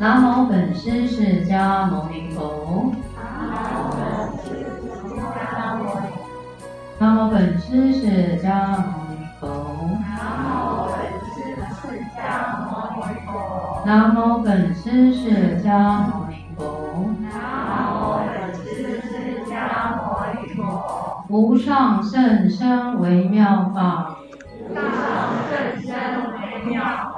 南無本師釋迦牟尼佛。南無本師釋迦牟尼佛。南無本師釋迦牟尼佛。南無本師釋迦牟尼佛。南無本師釋迦牟尼佛。南無本師釋迦牟尼佛。無上甚深微妙法。無上甚深微妙法。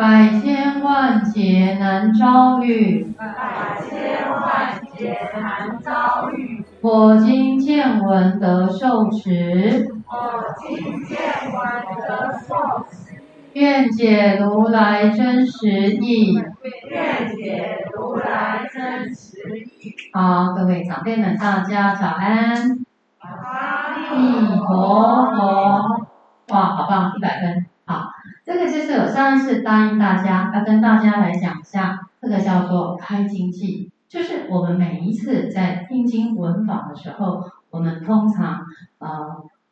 百千萬劫難遭遇，百千萬劫難遭遇。我今見聞得受持，我今見聞得受持。願解如來真實義，願解如來真實義。實義好，各位長輩們，大家早安。阿彌陀佛。佛佛哇，好棒，一百分。這個就是我上一次答應大家要跟大家來講一下，這個叫做開經偈，就是我們每一次在聽經聞法的時候，我們通常呃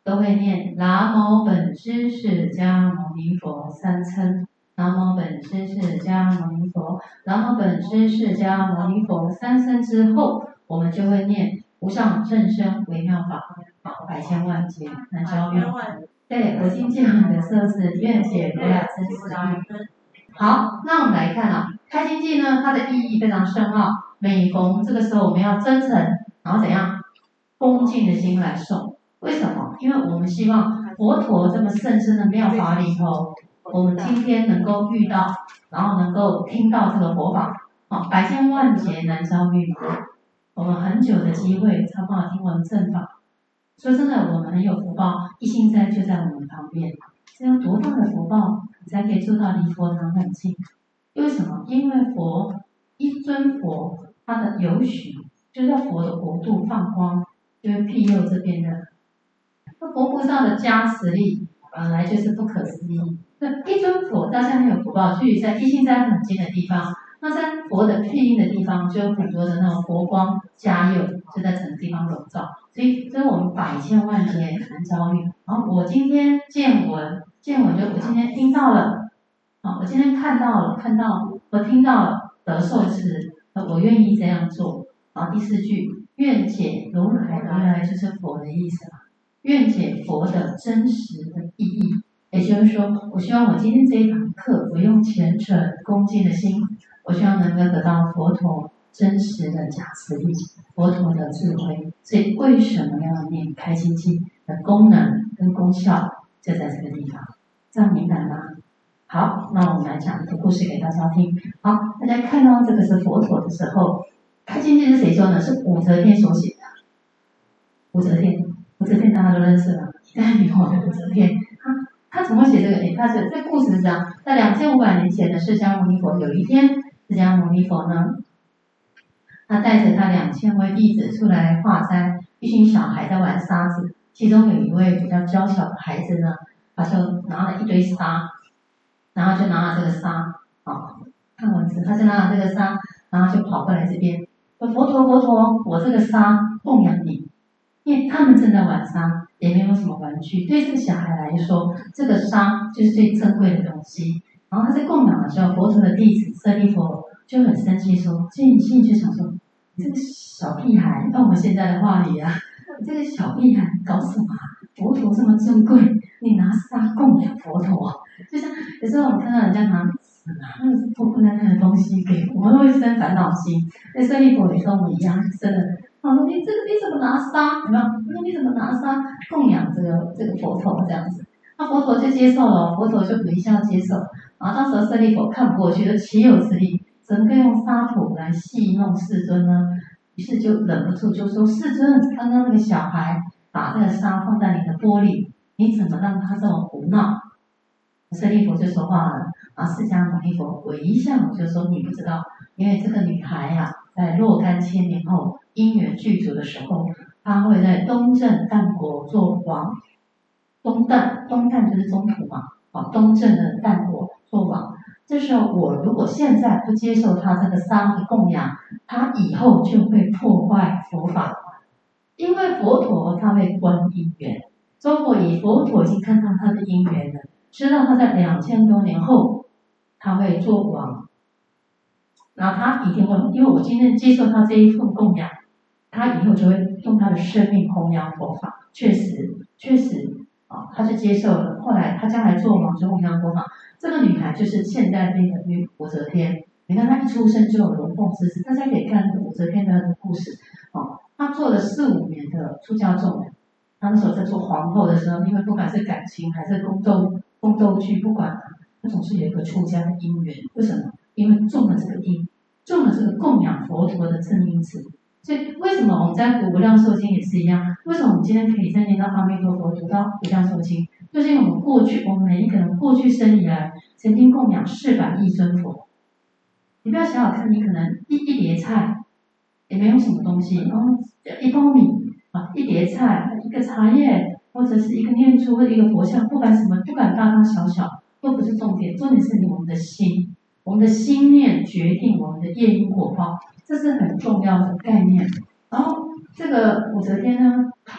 都會念南無本師釋迦牟尼佛三稱，南無本師釋迦牟尼佛，南無本師釋迦牟尼佛三稱之後，我們就會念無上甚深微妙法。百千萬劫難遭遇，對，我今見聞得受持，願解如來真實義。啊、好，那我們來看啊，開經偈呢，它的意義非常深奧。每逢這個時候，我們要真誠，然後怎樣恭敬的心來誦。為什麼？因為我們希望佛陀這麼甚深的妙法裡頭，我們今天能夠遇到，然後能夠聽到這個佛法。好，百千萬劫難遭遇嘛，我們很久的機會參觀了聽聞正法。說真的，我們很有福報，一心齋就在我們旁邊，這樣多大的福報你才可以做到離佛堂很近？為什麼？因為佛一尊佛，他的有許就在佛的國度放光，就會庇佑這邊的。那佛菩薩的加持力本來就是不可思議，那一尊佛大家很有福報，距離在一心齋很近的地方。那在佛的庇蔭的地方，就有很多的那種佛光加佑，就在整個地方籠罩。所以，所以我們百千萬劫難遭遇。然後，我今天見聞，見聞就我今天聽到了，好，我今天看到了，看到了，我聽到了，得受持，得受持，我願意這樣做。好，第四句，願解如來，如來就是佛的意思嘛，願解佛的真實的意義，也就是說，我希望我今天這一堂課，我用虔誠恭敬的心。我希望能夠得到佛陀真實的加持力，佛陀的智慧。所以為什麼要念《開經偈》的功能跟功效就在這個地方，這樣明白嗎？好，那我們來講一個故事給大家聽。好，大家看到這個是佛陀的時候，《開經偈》是誰說的？是武則天所寫的。武則天，武則天大家都認識了，一代女皇武則天。她、啊、她怎麼寫這個？哎，她這故事是這樣：在兩千五百年前的釋迦牟尼佛有一天。釋迦牟尼佛呢，他帶着他兩千位弟子出來化齋，一群小孩在玩沙子，其中有一位比較嬌小的孩子呢，他就拿了一堆沙，然後就拿了這個沙啊，哦，看文字，他就拿了這個沙，然後就跑過來這邊說：“佛陀，佛陀，我這個沙供養你。”因為他們正在玩沙，也沒有什麼玩具，對這個小孩來說，這個沙就是最珍貴的東西。然後他在供養的時候，佛陀的弟子舍利弗就很生氣，說：“心心裡就想說，你這個小屁孩，用我們現在的話裡啊，這個小屁孩搞什麼？佛陀這麼尊貴，你拿沙供養佛陀？就像有時候我們看到人家拿什麼，那個破破爛爛的東西給我們會生煩惱心。那舍利弗也跟我們一樣生的，他說：‘你這個你怎麼拿沙？’怎麼樣？他說：‘你怎麼拿沙供養這個這個佛陀？’這樣子。”那佛陀就接受了，佛陀就不一定接受。然後當時舍利弗看不過去，說豈有此理，怎麼可以用沙土來戲弄世尊呢？於是就忍不住就說：“世尊，剛剛那個小孩把那個沙放在你的缽裡，你怎麼讓他這麼胡鬧？”舍利弗就說話了：“啊，釋迦牟尼佛，我一下，我就說你不知道，因為這個女孩呀、啊，在若干千年後因緣具足的時候，她會在東震旦國做王。”東旦東旦就是中土嘛，哦、啊，東正的旦果做王。這時候，我如果現在不接受他這個三個供養，他以後就會破壞佛法。因為佛陀他會觀因緣，中國以佛陀已經看到他的因緣了，知道他在兩千多年後他會做王，那他一定會，因為我今天接受他這一份供養，他以後就會用他的生命弘揚佛法。確實，確實。哦，他就接受了。後來他將來做王室弘揚功嘛，這個女孩就是現代那個女武則天。你看她一出生就有龍鳳之姿，大家可以看武則天的那個故事。哦，她做了四五年的出家眾，她那時候在做皇後的時候，因為不管是感情還是宮鬥、宮鬥劇，不管她，她總是有一個出家的姻緣。為什麼？因為中了這個因，中了這個供養佛陀的正因緣。所以，為什麼我們在讀《無量壽經》也是一樣？為什麼我們今天可以再念到《阿彌陀佛》，讀到《無量壽經》，就是因為我們過去，我們每一個人過去生以來，曾經供養四百億尊佛。你不要小看，你可能一一碟菜，也沒有什麼東西，然、哦、後一包米啊，一碟菜，一個茶葉，或者是一個念珠，或者一個佛像，不管什麼，不管大大小小，都不是重點，重點是你我們的心，我們的心念決定我們的業因果報。這是很重要的概念。然、哦、後這個武則天呢、啊，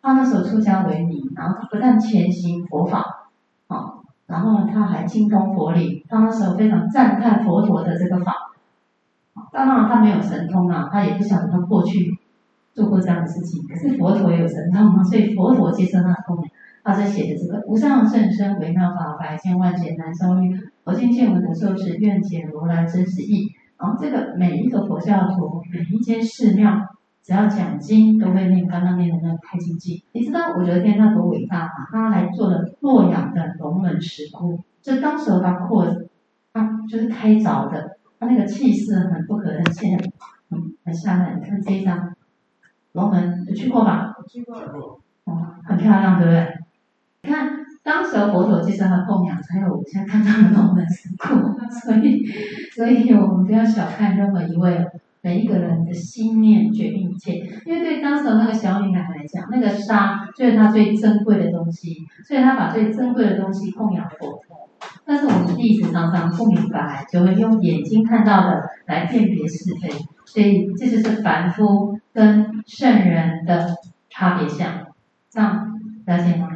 她那時候出家為尼，然後她不但虔信佛法，啊、哦，然後她還精通佛理。她那時候非常讚歎佛陀的這個法。當然，她沒有神通啊，她也不曉得她過去做過這樣的事情。可是佛陀有神通，所以佛陀接受那封，他在寫的這個“無上甚深微妙法，百千萬劫難遭遇。我今見聞得受持，願解如來真實義。然後這個每一個佛教徒，每一間寺廟，只要講經都會念剛剛念的那個《開經偈》。你知道武則天她多偉大嗎？她、啊、來做了洛陽的龍門石窟，這當時她擴，她、啊、就是開鑿的，她、啊、那個氣勢很不可得見，很嚇人。你看這一張，龍門你去過吧？有去過。哦、啊，很漂亮，對不對？你看。當時佛陀就是他供養，才有我們現在看到的龍門石窟。所以，所以我們不要小看任何一位，每一個人的心念決定一切。因為對當時的那個小女孩來講，那個沙就是她最珍貴的東西，所以她把最珍貴的東西供養佛陀。但是我們弟子常常不明白，就會用眼睛看到的來辨別是非，所以這就是凡夫跟聖人的差別相，這樣了解嗎？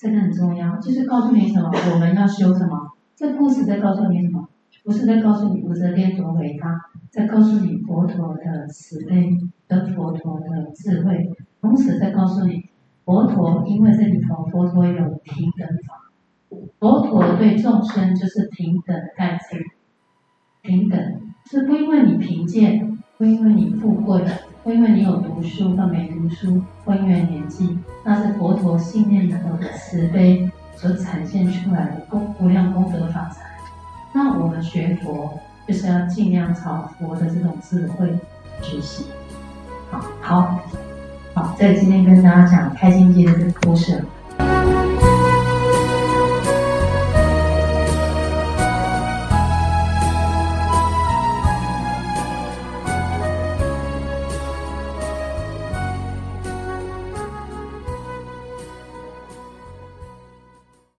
這個很重要，就是告訴你什麼，我們要修什麼。這故事在告訴你什麼？不是在告訴你武則天多偉大，在告訴你佛陀的慈悲跟佛陀的智慧。同時在告訴你，佛陀因為這裡頭，佛陀有平等法，佛陀對眾生就是平等待遇，平等是不因為你貧賤，不因為你富貴的。因為你有讀書和沒讀書，婚姻為年紀，那是佛陀信念能夠的慈悲所產現出來的無量功德法財。那我們學佛就是要儘量朝佛的這種智慧學習。好，好，好，在今天跟大家講開經偈的這個故事。